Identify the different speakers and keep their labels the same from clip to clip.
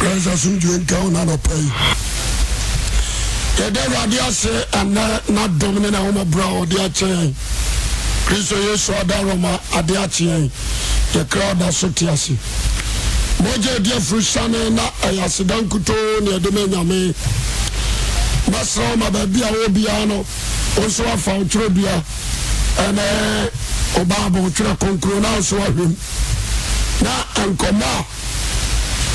Speaker 1: yɛnsa somdwue nka wo na anɔpa yi yɛda awurade ase ɛnɛ n'adom ne n'ahomabrɛ a ɔde akyɛn kristo yesu ada roma ade akyɛn yɛkra ɔda so te ase mogya adi afurusane na ɛyɛ aseda nkutoo ne ɛde ma nyame mɛsrɛ wo ma baabi a wɔ biara no wo nso wafa wo twerɛ bia ɛnɛ ɔbaabɔ wo twerɛ konkro na wo a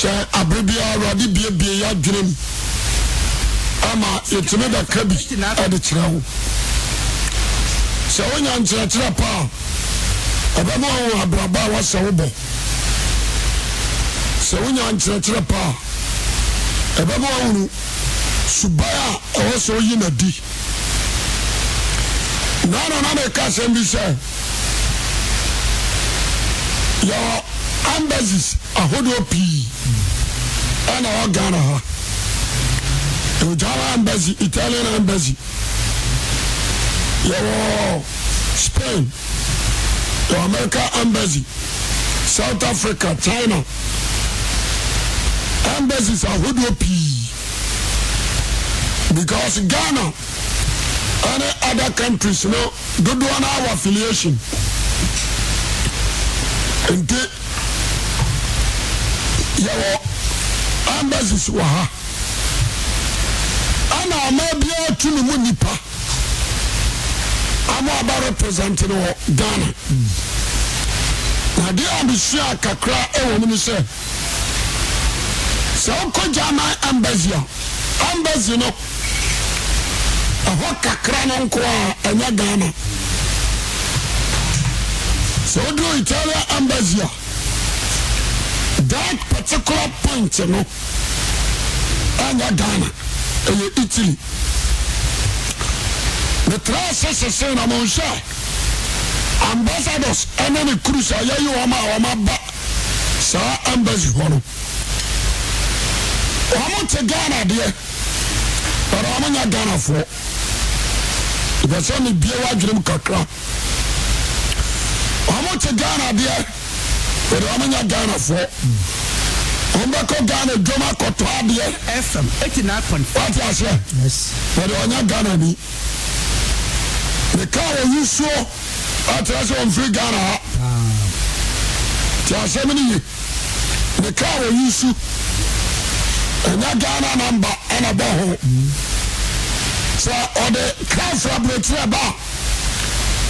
Speaker 1: sɛ abere biara awurade biebie yɛ adwene mu ama yɛtumi daka bi ɛde kyerɛ wo sɛ wonya nkyerɛkyerɛ paa ɛbɛma wo abraba a wasɛ wo bɔ sɛ wonya nkyerɛkyerɛ paa ɛbɛma wohunu subae a ɛwɔ sɛ woyi n'adi naana na meka asɛm bi sɛ yɛwɔ embassies ahodoɔ pii ɛna wɔ ghana ha ojala embassy italian embassy yɛwɔ spain yɛwɔ america embassy south africa china embassies ahodoɔ pii because ghana ɛne other countries no dodoɔ no awɔ affiliation nti yɛwɔ amba si so wɔ ha ana ɔma biawa tu ne mu nnipa amo aba represente no wɔ ghana na deɛ amusua a kakra wɔmu no sɛ sɛ wokɔ gya ma amba si a amba si no ɛhɔ kakra no nkɔɔ a ɛnyɛ ghana sɛ woduruita nea amba si a that particular point no ɛnyɛ ghana ɛyɛ italy metra sɛ sese na mo nhyɛ ambassadors ɛne ne cruise a yɛyi wɔn a wɔn aba saa embassy hɔ no wɔn te ghana deɛ but wɔn nyɛ ghanafoɔ ìgbésẹ̀ mi bie wá dwenem kakra wɔn te ghana deɛ. ode amanya ghanafoɔ ɔmbɛkɔ ghana dwoma kɔtɔadeɛ watahyɛ de ɔnya ghanan me ka wɔ yusuo atrɛ sɛ ɔmfri ghana ha ti asɛmene yi meka wɔyus ɔnya ghana nanba ɛnabɔho sɛ ɔde kafrabrɛtirɛba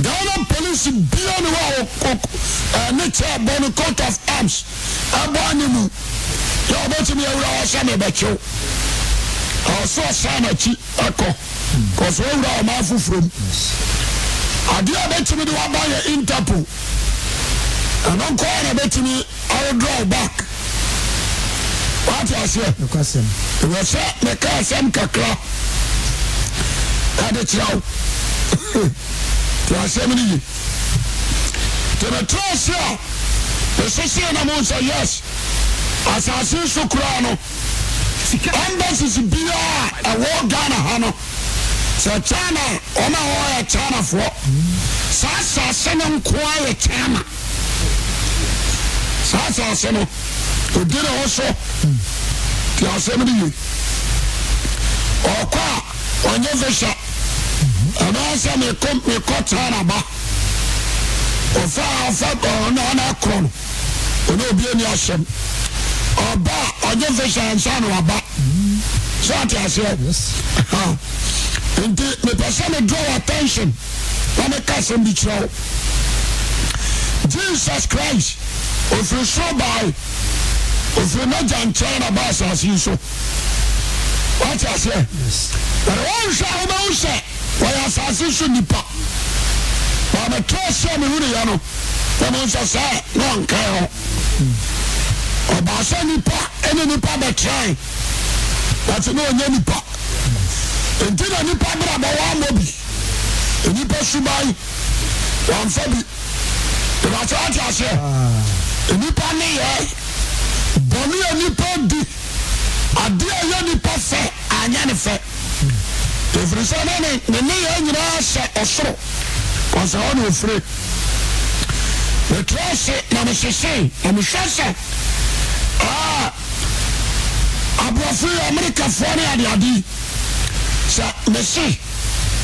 Speaker 1: dawna polise bia ne wane kɛ bone cot of ams abɔne nu yɛ wɔbɛtimi yɛwura wɔsɛ mebɛkeo soɔsanaki kɔ swur ɔma fufrom adeɛ wbɛkimi de wabɔ yɛ intarpl anɔnkɔɛna bɛtimi aw dr bak at asɛɛ mka sɛm kakla kadekyrao wɔasɛm no ye nti metrɛ se a mesesee na mo sɛ yes asase so koraa no embassies biaa ɛwɔ ghana ha no sɛ china ɔma yɛ chinafoɔ saa asase no nkoa yɛ china saa sase no odere ho so nti asɛm no ye ɔkɔ a ɔnyɛ visa anaasɛ mekɔ tra naba ɔfa afa ɔno ɔno korɔ no ɔne obi ani ahyɛm ɔba ɔgye fisa nsa na waba sɛ ɔte aseɛ nti mepɛ sɛ me draw attention na meka asɛm bi kyerɛ wo jesus christ ɔfiri soro bae ɔfiri n'agya nkyɛn na ba asase yi so ɔte aseɛ ɛrɛ wɔnhwɛ a wobɛwo sɛ wɔyɛ asase so nipa wɔbɛtɔ sɛ mehuneyɛ no wɔmo nso sɛ na ɔnkae ho ɔbaa sɛ nipa ne nipa bɛtrae wɔte ne ɔnyɛ nipa nti na nipa berɛ bɛwɔ mmɔ bi nipa suban wɔmfa bi ìbàtí wọ́n ti àṣẹ nípa níyẹ bọ̀mí yẹ nípa di adé yẹ nípa fẹ́ ànyẹ́ nìfẹ́. ɛfiri sɛ na ne ne to nyinaa hyɛ ɔsoro ɔsɛ hɔ ne ɔfire metrɛ se na mesesee na mehwɛ sɛ aborɔfo yɛ amerikafoɔ ne adeade sɛ mese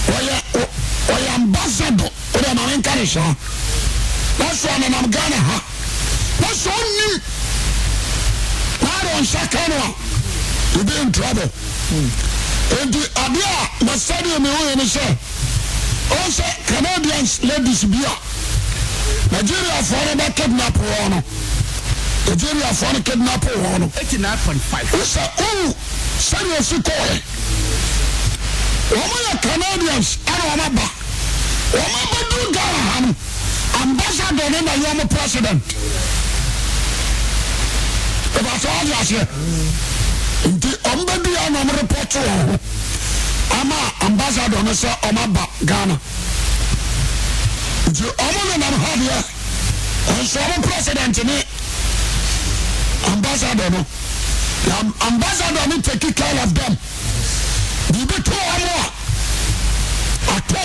Speaker 1: ɔyɛ ɔyɛ ambassador wode ma menka ne saa na so ghana ha na sɛ ɔnnim na ade ɔnhyɛ ka no a you in trouble hmm. nti adeɛ a masadiɛ mi woyɛ ne sɛ ɔn sɛ canadians ladies bi a nigeriafoɔ no bɛ kidnap wɔn no nigeriafoɔ no kidnap wɔn no wosɛ owu sɛdeɛ ofi kɔɔɛ wɔn yɛ canadians ɛna wɔn aba wɔn abɛdu ghana ha no ambassador ne na yɛ ɔmo president ɛbɛfɛ e ɔdi aseɛ nti ɔmo bɛ di yɛ no ambassador no sɛ ɔma ba ghana nti ɔmo nenam ha deɛ nso ɔmo president ne ambassador no ambassador no take care of them biribi to ɔmo a ato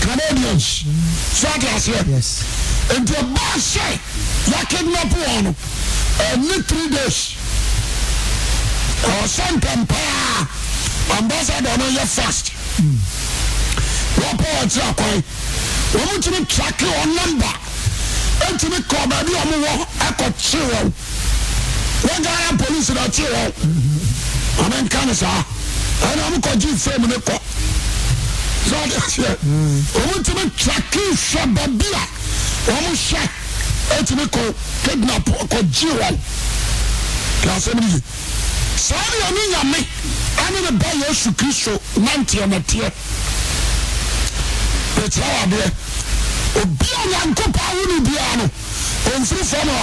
Speaker 1: canadians so ate aseɛ nti ɛba hyɛ yɛakidnap wɔ no ɛne three days ɔsɛ ntɛm paa ambassador no yɛ fast tracking wɔpɔ wɔkyerɛ kwan wɔmutumi trake wɔn namba ɛntumi kɔ baabi a ɔmowɔ ɛkɔkye wɔn wɔgana polisi na ɔkye wɔn ɔmenka ne saa ɛna ɔmokɔgye fam ne kɔ sɛdeɛ ɔmutumi trake hwɛ baabi a ɔmohyɛ ɛntumi kɔ kidnap kɔgye wɔn kɛ asɛm no yi saa de ɔne nyame ane ne ba yesu kristo nanteɛnɛteɛ ɛkyerɛ wadeɛ obia nyankopɔ wo ne biara no ɔmfiri fam a a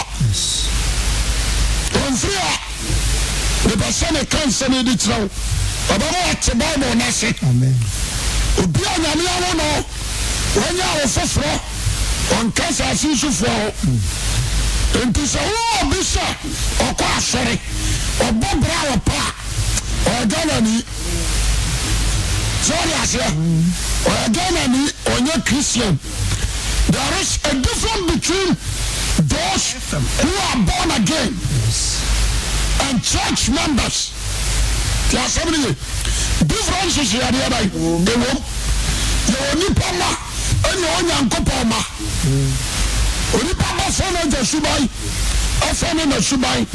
Speaker 1: ne ka de kyerɛ wo ɔbɛma wɔte bible no ase obia nyame awo no wɔnyɛ awo foforɔ ɔnka saase nsufoɔ mm. nti ọbọ bẹrẹ awọ ọjọ ọjọ christian there is a difference between those who are born again and church members ti asɛm ni ye difference yɛ adeɛ ba yi ewo yɛ wɔ nipa ma ɛna ɔnyankopɔn ma onipa ma fɔlɔ jɛ suba yi. ɔne nasuban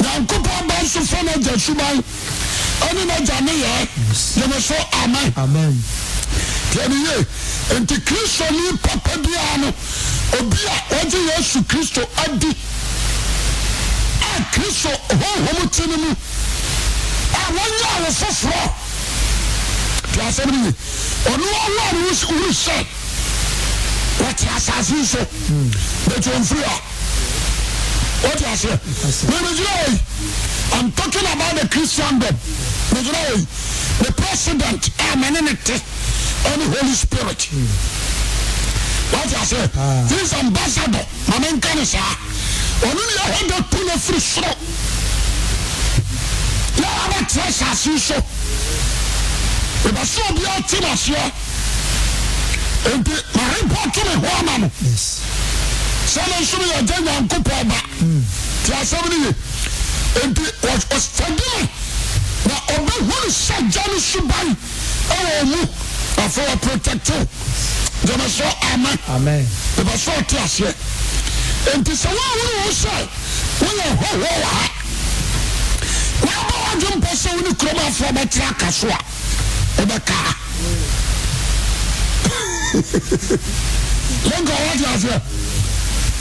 Speaker 1: nyankopɔn banso fno gya suban ɔne no agya ne yɛ eno so aman ye nti kristo nipapa biaa no obia wɔgye yesu kristo adi a kristo hohomte no mu a wɔnyaa wo foforɔ ɛe ɔne wɔwo no woɛ wte aaseof ase i'm talking about the christian god mɛgyina the president a mɛne ne te holy spirit wate ase ah. this ambassador ma menka ne saa ɔno ne yɛhɔ da tu no firi soro na wabɛtrɛ sase so ɛbɛ obiaa te naseɛ enti marepɔto me hɔ ama no ɛe soee yaa ɛneɛem beoe e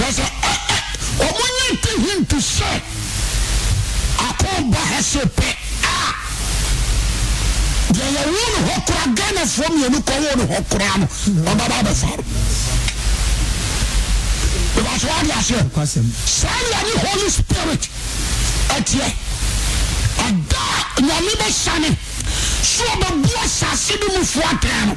Speaker 1: kyerɛ sɛ eh, eh, eh, ɔmo nya nti hinti sɛ akɔba ha se pɛ a ah! deɛ yɛwo no hɔ kora ghanafoɔ mmienu kɔwo no hɔ koraa no ɔbaba bɛfare because wade aseɛ saa nea ne holy spirit ɛteɛ ɛda nyame bɛsane so ɔbɛbu asase bi mufoɔ atɛɛ no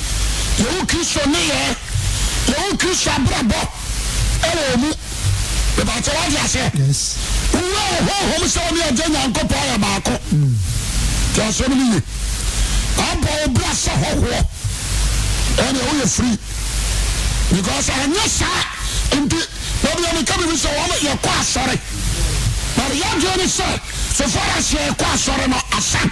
Speaker 1: yɛwo kristo neyɛ yɛwo kristo abrabɔ ɛwɔ mu bɛbɛkyɛ wode aseɛ wowɛ ɔhohom sɛ wone agya nyankopɔn yɛ baako nti asɛm no ye abɔ wo bra sɛ hɔhoɔ ɛne woyɛ firi because ɛnyɛ saa nti wɔbiameka bibi sɛ wɔm yɛkɔ asɔre but yɛadwene sɛ so far as yɛkɔ asɔre no asam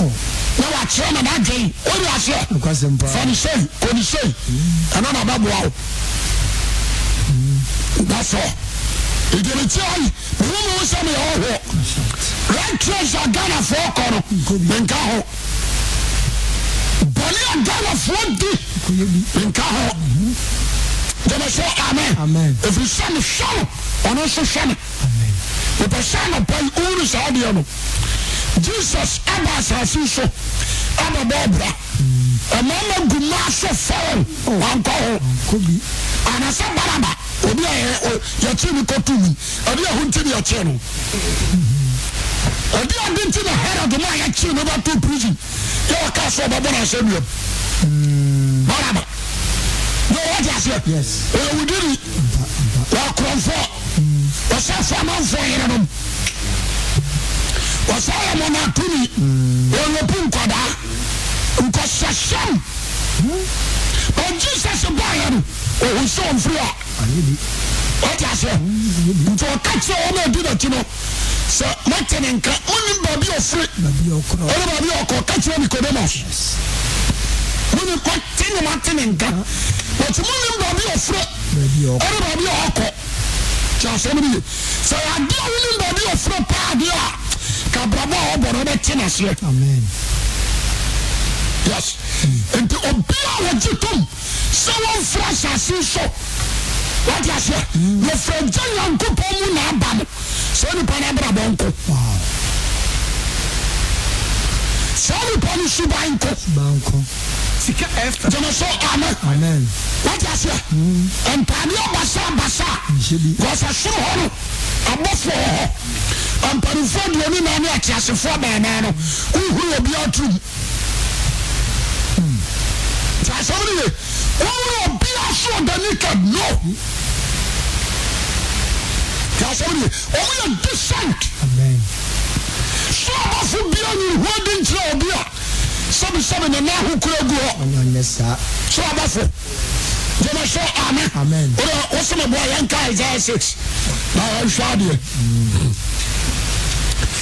Speaker 1: na wakyerɛ na nadwen wode aseɛ fane sei kɔni sei ɛna na bɛboa wo that's all ìdìrìtìá yìí mímú wọn sẹ́mi ẹ̀ ọ̀họ́ red trace àgànà fún ọkọ no nǹka hó bọ̀lì àgànà fún ọdí nǹka hó jẹ́mi sọ amen èfi sẹ́mi sọ́ọ̀ ọ̀nà não sẹ́mi ìpèsè ànàpọ̀ yìí ó ń sọ ọ́ di ẹ̀ nù. jesus aba asase so aba bɛɛbra ɔmama gu ma so fɛrɛn wankɔ ho anasɛ baraba obi a yɛkye ne kɔtu mi ɔde ɛho nti ne yɛkye no ɔde ade nti na herod ma a yɛkye no bɛto prison yɛ wɔka so ɔbɛbɔ no asɛ nuam baraba na wɔde aseɛ ɔyɛ wodiri wɔakorɔmfoɔ wɔsɛ famanfoɔ yerenom wɔsɛyɛ mɔno atumi mm. wɔnɔpu nkɔdaa nkɔsɛhyɛm but jesus baayɛ no ɔhu sɛ ɔmfiri a wɔte aseɛ nti ɔka kyerɛ wɔn a ɛdi n'akyi no sɛ mate ne nka monim baabi ɔfiri ɛne baabi ɔkɔ ka kyerɛ nicodemus monim ɔte ne mate ne nka wɔte ah. monim baabi ɔfiri ɛne baabi ɔkɔ kyerɛ asɛm no ye sɛ yɛadeɛ wonim baabi ɔfiri paa a kabrabɔ a ɔbɔ no ɔbɛte n'aseɛ yes nti obi a wɔgye tom sɛ wɔmfra asase so wɔde aseɛ mm. wɔfrɛ gya nyankopɔn mu na aba no sɛ nipa no abrabɔ nko sɛ nipa no suban nko sika ɛfɛ. jẹmọsọ amen. wájú ase ẹ ntaade abasa abasa gọsẹ soro hɔ no abɔfo wɔ hɔ. osyɛa6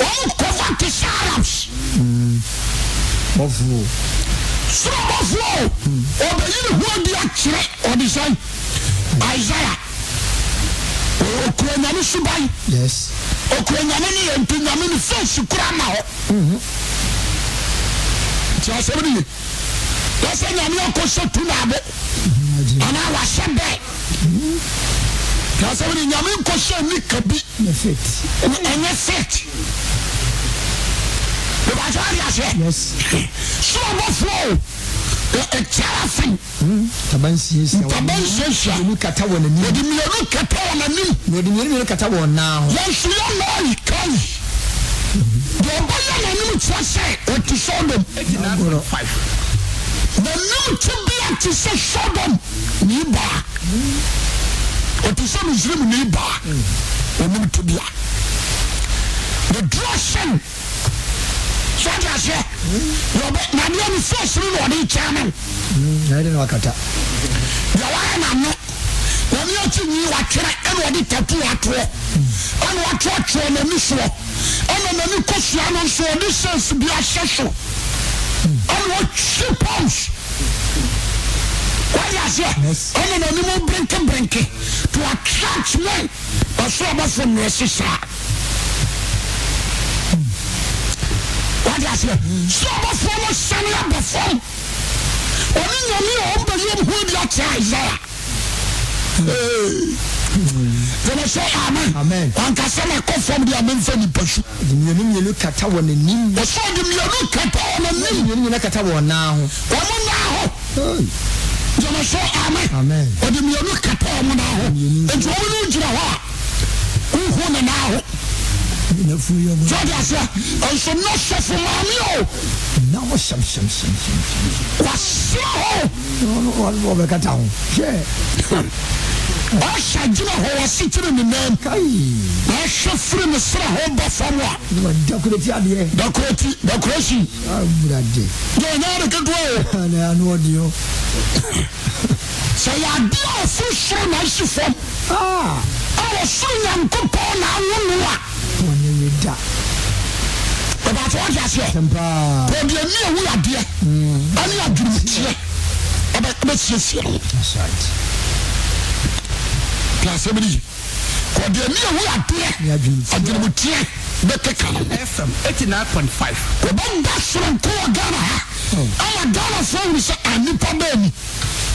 Speaker 1: kovate salaps soro bofuɔ obeyire hodiakerɛ ɔdesɛn aisaya okro nyame subai okro nyame ne yɛnti nyame no fesukura ama ɔ tsɛbdeye bɛ sɛ nyameɔkɔ sɛ tu na bo anaa wasɛ bɛ kasɛm ne nyame nkɔhyɛ ni bi ɛnyɛ set bɛbɛkyɛ so ɔbɔfoɔ o ɛkyara sen mmienu kata wɔ n'anim wɔde lɔɔre kai deɛ ɔbɛyɛ n'anim kyerɛ sɛ ɔte sɛ ɔdɔm n'anim kye bia te sɛ sɔdɔm ne ibaa hmm. ɔte sɛ misrim ne baa ɔnim to bia ne duro sen sɛ nadeɛ no fo na ɔde kyɛɛ no deɛ wayɛ nano wɔne akyi nyi watwerɛ ɛne ɔde tato atoɔ ɛne watoɔtoɔ n'ani soɔ ɛna n'ani kɔsua no nso ɔde sɛs bi ahyɛ so ɛne ɔtwe pons wọ́n yà sẹ́ ẹni na ẹni mu brinkimbrinki to attract men ọ̀ṣọ́ ọ̀bọ̀fọ̀ nù ẹ̀ṣẹ̀ sáà wọ́n yà sẹ́ ṣọ́ ọ̀bọ̀fọ̀ ọmọ sani abẹ́fọ́ ọ̀ní nyàmí ọ̀ ń bẹ̀rẹ̀ mu hùwẹ́ bí ọ̀kyẹ́ àìsàyà tẹ̀lé sọ amen wankasa na kọ fọm di amen fẹ nipa su. mmienu mmienu kata wọ n'anim. ọsọ di mmienu kata wọ n'anim. mmienu mmienu kata wọ n'aho. wọ́n mu n'aho. jama so amen ɔde mmienu kata ɔmo na ho nti ɔmo no gyina hɔ a huhu ne na ho jɔde aseɛ nso na sɔfo maame o na wɔ hyɛm hyɛm hyɛm hyɛm wasea hɔ ɔbɛkata ho hyɛ ɔhyɛ gyina hɔ wɔ sikyiri ne nan na ɛhwɛ firi ne sra hɔ ba fam a dakorati adeɛ dakorati dakorasi awurade deɛ ɔnyɛ ade ketewa o na ano ɔde o sɛ yɛade a ɔforo soro na ahyi fam ah! a wɔsoro nyankopɔn na awo no a ɔnyɛ yɛ da ɔbaafo ɔde aseɛ ɔde ani awu adeɛ mm. ɛne adwurumtiɛ ɛbɛsiesie no d miho aɛ m sronha lfowrsɛ ani ni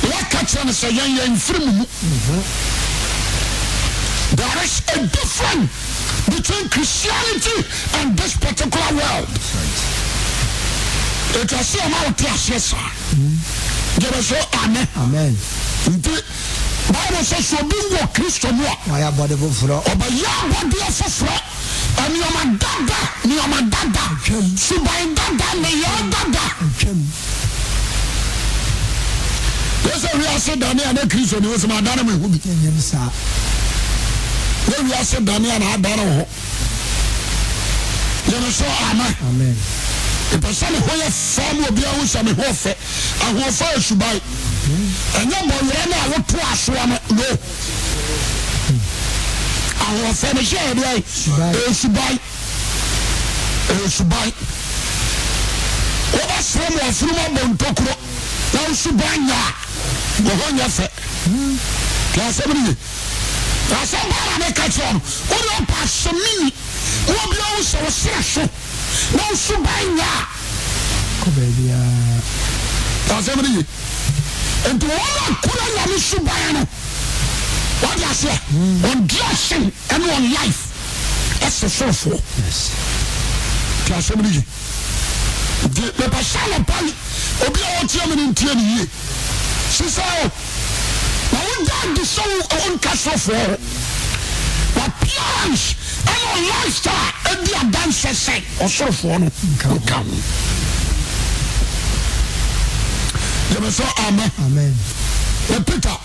Speaker 1: yaa eɛme sɛ yyfre munu mhm. there is a different between cristianity and this particular wrld mawtsɛs e so amn bible sɛ sobi wɔ kristo mo a ɔbɛyɛ bɔdeɛ sesra nɔada ameso ama epɛ sɛne hɔyɛ amosmhɛ hoaa ɛnyɛ mmɔwerɛ no a woto asoa no no ahoɔfɛ no hyɛ ɛdeɛ ɛsubae ɛsubae wobɛsoro ma ɔforom abɔ ntokuro na wosubae nyɛ a wɔhɔ nyɛ fɛ asɛm no ye asɛm baa na meka kyerɛ no wode ɔpa asɛmini wobia wo sɛ wo serɛ so na wosubae nyɛ a asɛm no ye nt wɔyɛ kuro nyame sobaa no wade aso a ɔnde ɔsen ɛne ɔlife ɛse sorofoɔ ti asɛm no ye nti bɛpɛsɛnapae obia wɔtiɛ me no ntiano yie si sɛ nawodaade sɛ onka sorofoɔo wapians ɛne ɔlastaa adi adansɛ sɛ ɔsorofoɔ nokam yemɛ sɛ ama a peter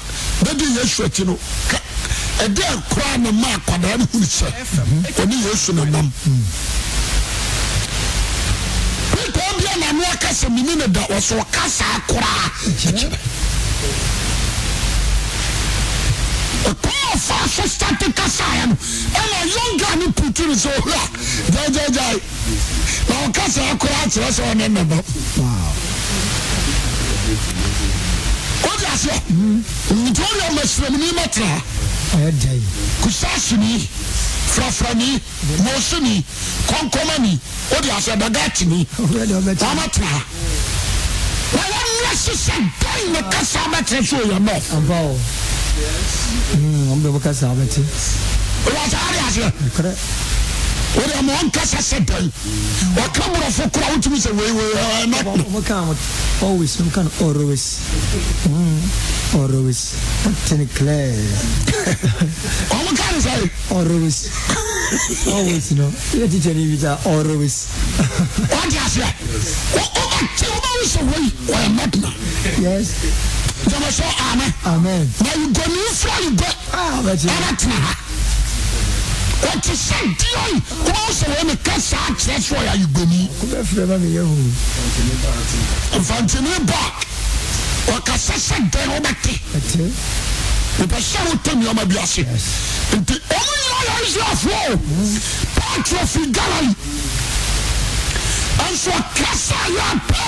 Speaker 1: bɛdi yɛasati no ɛde kora ne ma kɔda no hurukyɛ ɔne yɛ su no nam ananaasɛmenino dasɔaaraaaoakaaɛ no ɛnya ne potn sɛha agaga nakasakraa kyerɛ sɛ ne nna sɛ nti wode amasirɛmni matra kusaseni frafrani moseni kɔnkɔmani wode asɛ dagateni wamatra wɔwɔmmerɛ sesɛ dan ne kasa bɛtrɛ sɛ ɔyɛ nɔ aseɛ wọ́n mọ̀ ọ́n kásá sẹ́ bẹ́ẹ̀ wọ́n kà mọ̀ ọ́n fọkúrọ́ ọ́n tún sẹ́ wẹ́ẹ́ wẹ́ẹ́ ẹ̀ ẹ̀ náà. wọ́n kà always wọ́n mm, kà always always tẹ̀lé clẹ́. wọ́n kà ní sẹ́yìn. always always nọ ilé títẹ̀ ní ibi ta always. wọ́n ti àṣẹ wọ́n kọ́ ọ́n tí wọ́n bá ń sọ wọ́n yìí wọ́n yẹ mẹ́tìmá. yes. jọ̀bọ̀ sọ amẹ́. amẹ́. na ìgbọ̀nù fúláyìí gbẹ. ah bẹ́ẹ̀ ti rẹ̀ ẹ̀ bá tẹ̀ ɔte sɛ dioi woma wo sɛ wɔ ne ka saa kyerɛ so ɔyɛ ayigoni mfantini ba ɔkasa sɛ dɛn wobɛte mepɛ sɛ wote nneɔma bi ase nti ɔmo nyinaa yɛ israelfoɔ paatwerɛ firi galile ɛnso ɔkasa yɛ apɛ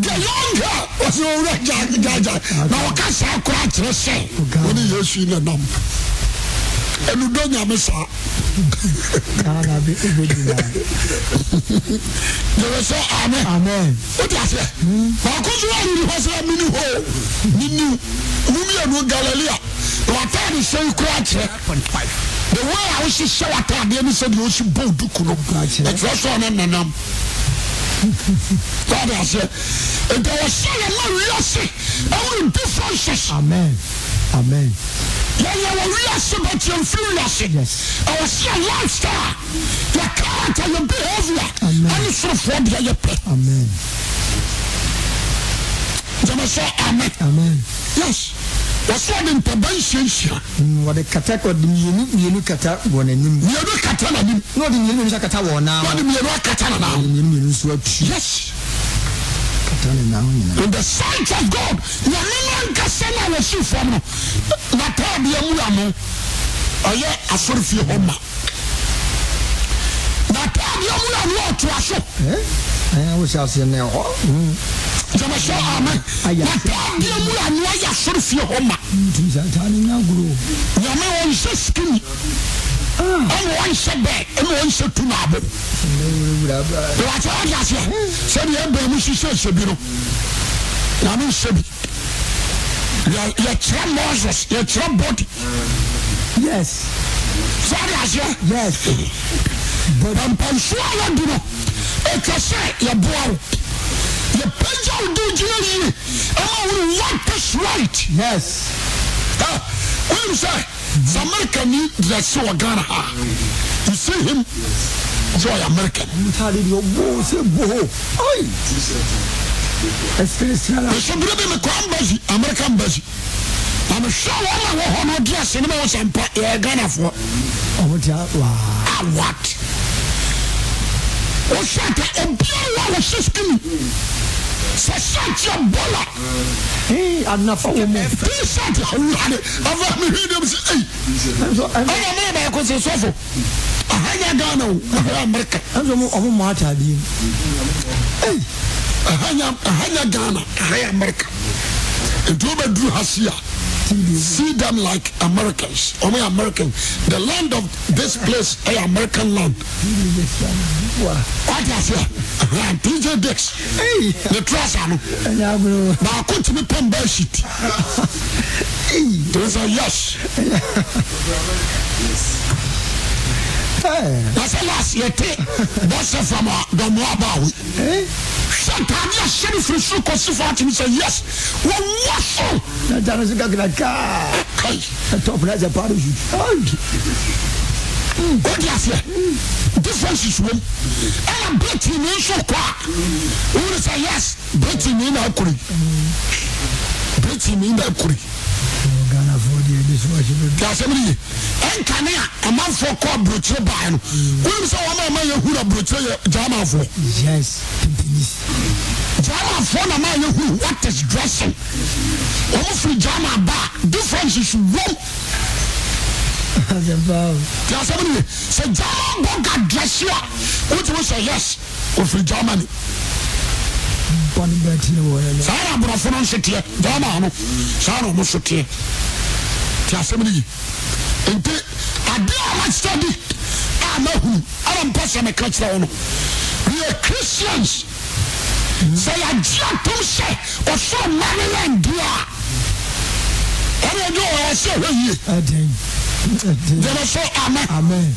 Speaker 1: gayanga ɔsɛ ɔwura gyagyagya na ɔkasa akora akyerɛ sɛ wone yesu yi ne nam ɛnudɔ nyame saa yɛwɛ sɛ amen wode aseɛ baako so a nni hɔ sɛ mene hɔ nini mumianu galilea wataade sɛi koraa kyerɛ the way a wohyehyɛ watadeɛ ne sɛdeɛ ɔsi bɔ duku no ɛkyerɛ sɛ ɔne nanam God has said, and there was son of man, we and we Amen. Amen. When you are sick, but you're inferior. Yes. I was your lifestyle, your character, your behavior. Amen. And it's not for the pay. Amen. say, Amen. Amen. Yes wɔsɛ ɔde ntaba nsiansia mm, wɔde kata ɔde mmienu mmienu kata wɔ n'anim mmienu kata n'anim na ɔde mmienu kata wɔ n'ano na ɔde akata n'ano ɔde mmienu nso atu yes kata ne n'ano in the sight of God wɔne no ankasa na wɔsi fam no n'ataadeɛ mu ano ɔyɛ asɔrifie hɔ ma n'ataadeɛ mu ano ɔtoa so ɛɛ awo hyɛ aseɛ na ɛhɔ. Hmm.
Speaker 2: jamasɛ ama wapɛ mu
Speaker 1: a ne wayɛ soro fie hɔ ma nyame ɔnhyɛ skini ɛne ɔnhyɛ bɛ ɛne ɔnhyɛ tu naabo wɔakyɛ wode aseɛ sɛdeɛ ɛbɛ mu hyehyɛ hyɛ bi no nyame nhyɛ bi yɛkyerɛ moses yɛkyerɛ body yes sɛde aseɛ yes bampansuo a yɛdi no ɛtwɛ sɛ yɛboa wo yɛpɛgya wo de gyina yie ɛma wone white is right yes wonim sɛ sɛ amerika ni drɛse wɔ ghana you see him sɛ ɔyɛ american i deɛ ɔboo sɛ boo ai ɛsɛ berɛ bi mekɔ ambasy america ambasy na mehwɛ wɔma wɔ hɔ no ɔde ase ne ma wo sɛ mpa yɛyɛ ghanafoɔ awat wohyɛ ata obiara wɔ a wɔhyɛ sɛ sɛntiɛ bɔla anafa wo mu tisɛt awurade afa mehwedem sɛ ei ɛna meyɛ baɛko se sɔfo ahanya gana o mahra amerika ɛnso ɔmo mɔ ataadeɛ mu ei ahanya ghana ahaya amerika nti wobɛduru ha se a See them like Americans. I mean, American. The land of this place, a eh, American land. What is here? DJ Dix. Hey. The trust ano. Now come to me by shit. Hey. Those are yes. yes. asɛ laase yɛte bɔsɛ fam a dɔmoa ba we hwɛ taade ahyɛ no firi soro kɔsi fo atemi sɛ yes wɔwɔ so natano so kakrakaa ɛtɔpena sɛ o sut odi aseɛ differences wom ɛna britini nso kɔ a wowere sɛ yes britini na akuri britini na akuri asɛmne ye ɛnkane a amanfoɔ kɔ aburokyerɛ baɛ no wonim sɛ wɔma ama yɛhuru aburokyerɛ yɛ germanfoɔ germanfoɔ na ma yɛhuru what is dressing ɔmo firi german ba a differences wom ti asɛmne ye sɛ german bɔ ga dresse a wotumi sɛ yes ɔfiri germany saa na aborɔfo no nsoteɛ gyama no saa na ɔmo soteɛ nti asɛm no yi nti ade a mastadi a mahunu ana mpɛ sɛ meka kyerɛ wo no yɛ christians sɛ yɛagye atom sɛ ɔsoro ma yɛ ndeɛ a ɛne ɛde ɔwɔ sɛ hɔ yie gyeme so amen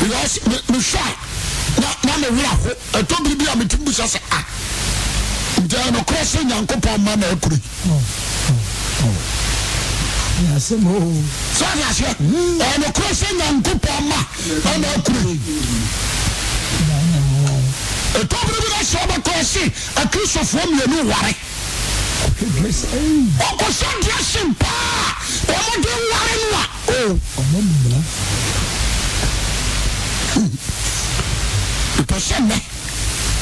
Speaker 1: because mehwɛ a na mewerɛ ho ɛtɔ biribi a metim bu sɛ sɛ a ne krose nyankopn manobrebine sobokose acristo f i ware oko so diasen paa omode ware nua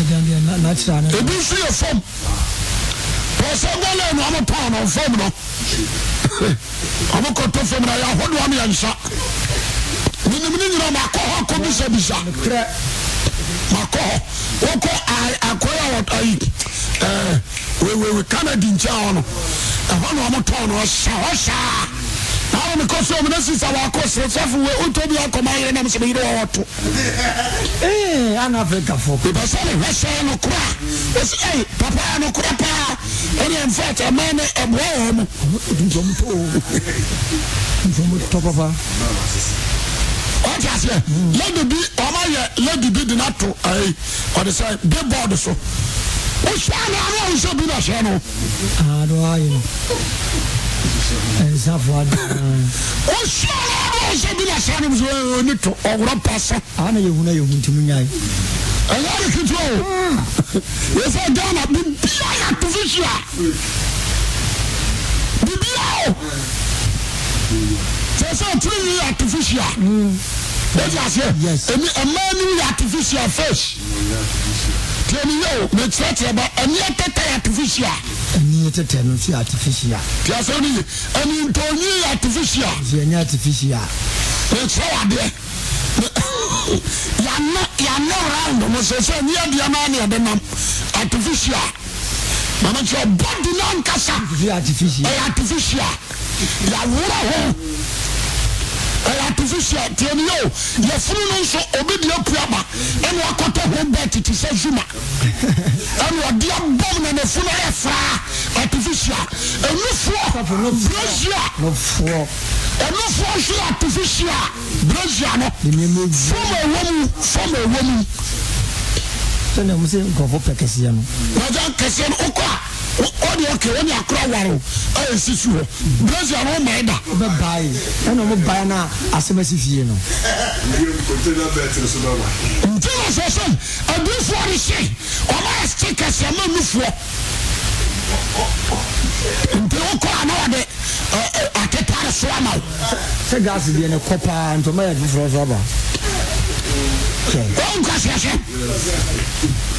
Speaker 1: ebi nso yɛ fam pɔsɛ gɔlɛ na ɔmo tɔn no fam no ɔmo kɔtɔ fam na yɛ ahodoɔ no yɛ nsa ninim ne nyinaa ma akɔ hɔ akɔ bisabisa ma kɔ hɔ wɔkɔ akɔyɛ ayi ɛɛ wewewe kanadi nkyɛn hɔ no ɛhɔ na ɔmo tɔn no ɔsa ɔsaa. wọn mi kọ sí ọmọ náà sísá wà á kọ sí ẹfọ wẹ ó tóbi akọmọ ayẹyẹ náà mi sọ mi yiri wọn tó. ee ana afirika fọ. ìbáṣẹ́ ni wọ́n sọ ẹnu kura ó sì ẹyìn papa ẹnu kura paa ẹni ẹ̀ ń fẹ́ ẹ̀tẹ̀ ẹ̀mọ́ ẹni ẹ̀bùrọ̀ wọn mu. ǹjọ́mu tó o ǹjọ́mu tó pápá. wọ́n ti àṣẹ lẹ́dí bí ọmọ yẹ lẹ́dí bí dìnnà tó ẹ̀yìn ọ̀dẹ̀sẹ̀ bíbọ̀dù so ó sọ àná àná òṣèlú náà sọ nsafoɔ adaa ɔsua ɔsɛ bi na saa nom so ɔni to ɔworɔ pa sɛ ana yɛhu na yɛhu ntim nyae ɛyɛ ne ketewa o yɛsɛ ghana bibia yɛ atofisua bibia o sɛ sɛ ɔtiri yi yɛ atofisua ɛdi aseɛ ɛmi ɛmaa ni yɛ atofisua first tiɛ ni yɛ o mɛ kyerɛkyerɛ ba ɛni ɛtɛtɛ yɛ atofisua ɛni yɛ tɛtɛ no nso yɛ artificial. tí a sọ ni ɛni ntɔnyi yɛ artificial. nso yɛ nyɛ artificial. ɛkyɛ wadeɛ yanne yanne round mo sɛ sɛ ni adeɛ naa ni ɛde nam artificial mama kyerɛ bɔdi nankasa. artificial ɛyɛ artificial yawura ho official tiɛ ni yɛ o yɛfunu no nso obi deɛ kuaba ɛna wakɔtɔ ho bɛɛ tete sɛ zuma ɛna ɔde abɔm na ne funu ayɛ fraa artificial ɛnufoɔ brazil ɛnufoɔ nso yɛ artificial brazil no fɔm ɛwɔ mu fɔm ɛwɔ mu. sani a muso nkɔfɔ pɛ kɛseɛ no. n'o tɛ kɛseɛ no o kɔ a ɔde ɔkɛ ɔne akora ware ɛyɛ sisi hɔ brɛsi ano ɔma ɛda. ɔbɛbae ɛna ɔmo bae na asɛm asi fie no. nti na sɛ sɛ adiifoɔ de hyɛ ɔmo ayɛ sɛ kɛse ama nufoɔ nti wokɔ na wɔde e, e, atetare so ama wo. sɛ gaasi deɛ ne kɔ paa nti ɔmo ayɛ foforɔ so aba. ɔnkɔ seɛsɛ.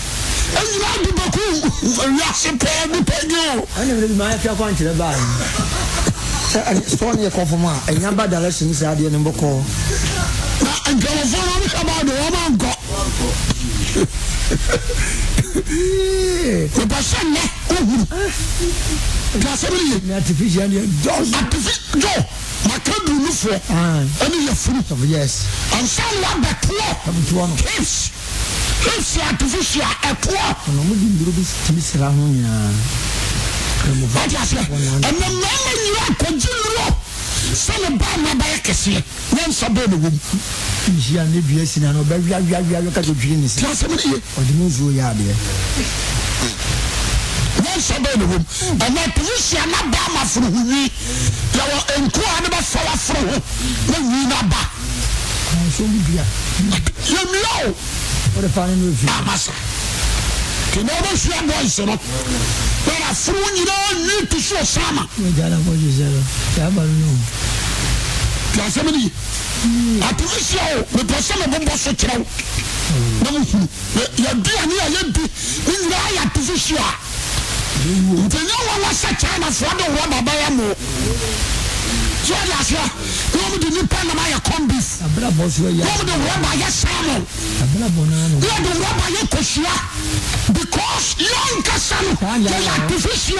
Speaker 1: ɛnyina de baku wiase pɛɛ ne pɛgye o ɛne mene bi maayɛ fia kɔ ankyerɛ baa sɔɔ ne yɛ kɔfom a ɛnya ba direction sɛ adeɛ ne mbɔkɔ na nkramofoɔ no mehwɛ baa de wɔma nkɔ mepɛ sɛ nnɛ wohuru gasɛmene ye artificial deɛ artifi jo maka dunufoɔ ɛne yɛ furu yes ansa ne wabɛtoɔ chips hesi artificial ɛtoɔ. ɔnà mo di mburo bi tìmí sira ho nyinaa. wájú aseɛ ɛnna mmarima nyinaa akɔgye sani baa ma bɛyɛ kɛseɛ ne nsa bɛɛ na wɔm. nhyia ne dua si na no ɔbɛ wia wia wia wia kakɛ dwiri ne se. tiasɛm ne ye. ɔde ne nsuo yɛ adeɛ. ne nsa bɛɛ na wɔm ɛnna artificial na baa ma foro ho wi yɛwɔ nkuwa ne bɛ fɔwɔ foro ho ne wi na ba. kɔnso bi bia. yɛ mia o wọ́n fa nínú efi. abasa kìnìún bẹ fi àbọ̀ ìṣe lọ bẹ́ẹ̀ àfúrú nyinaa yí ti sùn ọ̀sánmà. mo jẹ́ àdàpọ̀ jésù lọ kí a bá lóyún o. kí a sẹ́mi nìyí àtúnṣe o mẹpẹ sẹ́mi bó bọ́ so kyerẹ́w náà mo hùn yẹ di àní yẹ yẹ di ní nyinaa yẹ a. ntẹ̀ nyẹ́ wọn wá china fún ọdún rọ́bà bẹ́ẹ̀ mọ́ so ɔdi aseɛ wɔn mu di nipa nam ayɛ kɔmbis wɔn mu di rɔba ayɛ salmon wɔn di rɔba ayɛ kosua because yɔn kasa no yɛ artificial.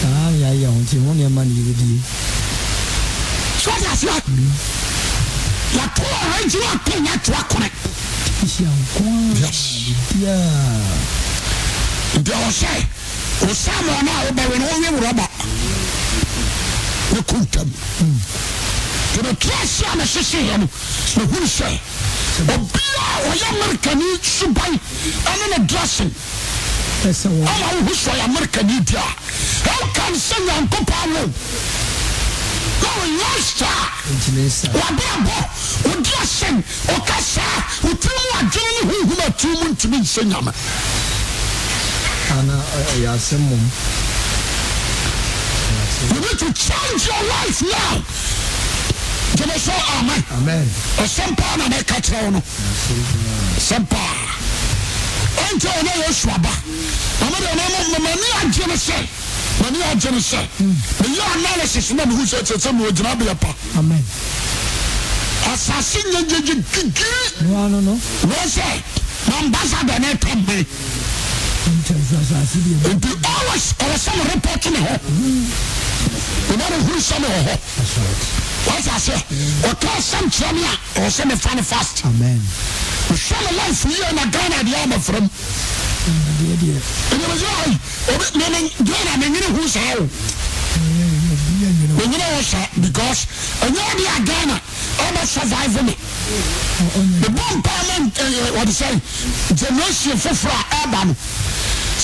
Speaker 1: saa yà yà wọn ti mm. wọn ni wà tó yẹ tó akọrẹ. nti ɔsɛ osamɔ náà ɔbɛwɛ ni wọn wé wúrọ bá. mekɔ ntwam tɛmɛtuase a mɛhyehyeyɛ no mehunu sɛ obiaa ɔyɛ amerikani suban ɛne ne dressing ama wohu sɛ ɔyɛ amerikani di a ɛwokam sɛ nyankopɔn wo na wɔnyɛ saa wabrabɔ wodi o ɔka saa wotiri mu adwene ne honhum atiri mu ntumi nsɛ nyame ana ɛyɛ eh, asɛm mom You need to change your life now. Jẹ́mi sọ amen. Ọ̀sán hmm. pa na mẹ́ka kyerẹ́ wọn. Ọ̀sán pa. Ẹnjẹ́ ọ̀nà yóò sùn àbá. Màmá de ọ̀nà ọmọ mọ̀mọ́ ní àjẹ́ mi sẹ́. Màmá ní àjẹ́ mi sẹ́. Mi yẹ analysis náà mi hu sẹ́ sẹ́ mi ò gyina abẹ́yẹ pa. Asase nyegyegye gigiri. Wọ́n sẹ́, na ambassador náà tẹ̀ mí. nti always ɔwɔ sɛ mo report ne hɔ ɔma no huru sɛ me wɔ hɔ wasa sɛ ɔka asɛm kyerɛ me a ɔwɔ sɛ mefa ne fast mehwɛ me life yie na ghana deɛ amafra mu ɛnyɛmɛ sɛ mene ghana menyene hu saa o menyene wɔ saa because ɛnyɛ wode a ghana ɔbɛ survive me The mpaa ma ɔde sɛ generation foforɔ a ɛba no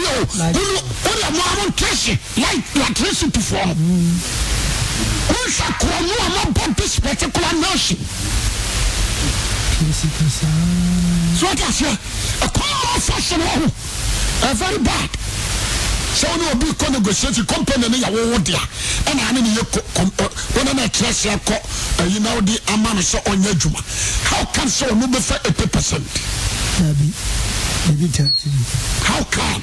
Speaker 1: wie o wone wode mo a montrɛhye latricitifoɔ no wonhwɛ korɔ no a mabɔ bispectacular nation so wote aseɛ ɛkɔma fashion wɔ ho ɛ very bad sɛ wone obi kɔ negotiate company no yɛwo wo dea ɛna ane ne yɛ wone ne ɛkyerɛ sɛ kɔ ayi na wode ama no sɛ ɔnyɛ adwuma how come sɛ ɔno bɛfa 80 percent how come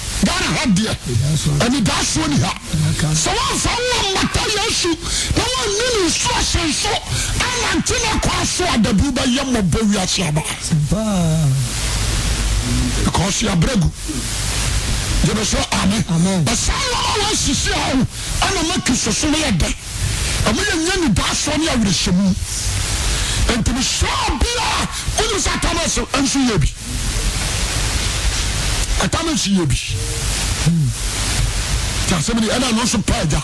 Speaker 1: gaehade anidaso niha sɛ wasa aataya su na wanine nsu asenso anantenɛ kɔso adabba yamabɔ a ymɛo a bɛsa asesi nmaki sosoyɛ mayɛyandasne ayɛnɛ ɛta no nsi yɛ bi nti asɛm ni ɛna no nso pa agya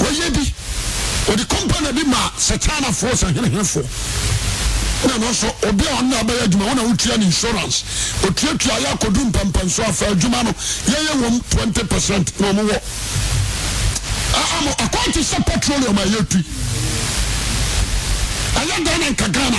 Speaker 1: wɔyɛ bi wɔde kɔmpana bi ma sɛ chinafoɔ sɛ henehenefoɔ na no nso obi a ɔnna abɛyɛ adwuma wɔn na wotua ne insurance otuatua yɛ akɔdu mpampanso afa adwuma no yɛyɛ wɔm twenty percent na ɔmo wɔ akɔnti sɛ petroleum a yɛtui ɛyɛ ghana nka ghana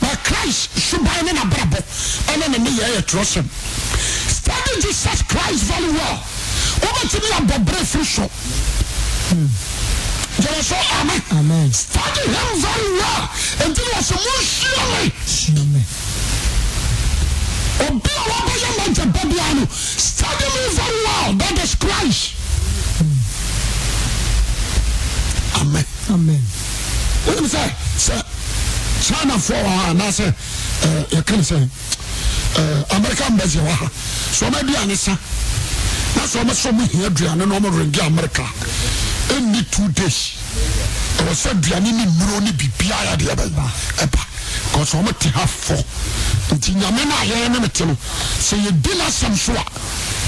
Speaker 1: but Christ suban ne n'abrabɔ ɛne ne neyɛ yɛ twerɛ sɛm study Jesus Christ very well wobɛtumi abɔ berɛ firi so amen study him very well enti ne wɔ sɛ monsiame a wabɛyɛ ma nafoɔ anasɛ eh, yɛkene sɛ eh, amerika mba si wa ha sɛ ɔmaaduane sa na sɛ ɔmesɛ me hia duane na ɔme erenge amerika ɛnne to days ɛwɔsɛ duane ne nnuro ne bibiayade ba ɛba ca ɔmeteha f ntinyame no ayɛɛ ne mete no syɛi nasamso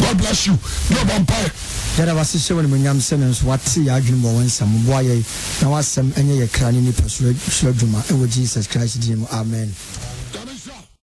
Speaker 1: god bless you No vampire. mpae. yàrá wa ṣiṣẹ́ wọn ni nyam sẹ́ni nso wa ti yà adwuma wọn nsàmú bọ́ ayẹ na wọ́n asẹ́m ẹ̀yẹ yẹ kra ní nípa sọ́ọ́ adwuma ẹ̀wọ̀ jesus christ dín mu amen.